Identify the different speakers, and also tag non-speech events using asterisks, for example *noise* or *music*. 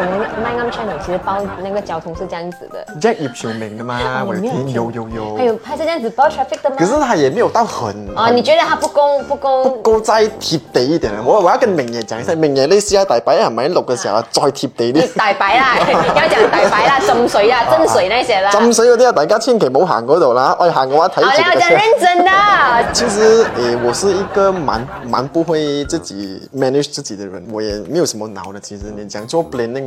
Speaker 1: My own channel 其實包那個交通
Speaker 2: 是這樣子的，Jack 有出名的嘛， *laughs* 嗯、我聽有聽 yo, yo, yo 有有，還有係
Speaker 1: 這樣子包 traffic 的嘛，可是
Speaker 2: 佢又冇到很，啊，你
Speaker 1: 覺得佢不公不公？不
Speaker 2: 公再貼地啲啦，我話一個名人就係明爺呢時喺大白啊唔喺錄嘅時候、啊、再貼地啲，大白啦， *laughs* 要講大
Speaker 1: 白啦，浸水啦，浸水那些啦，浸、啊啊啊、
Speaker 2: 水嗰啲大家千祈冇行嗰度啦，我行嘅話睇住個車，認真其實、啊 *laughs* 就是呃、我是一個蠻蠻不會自己 manage 自己的人，我亦冇有什麼腦的，其實你講做 planning。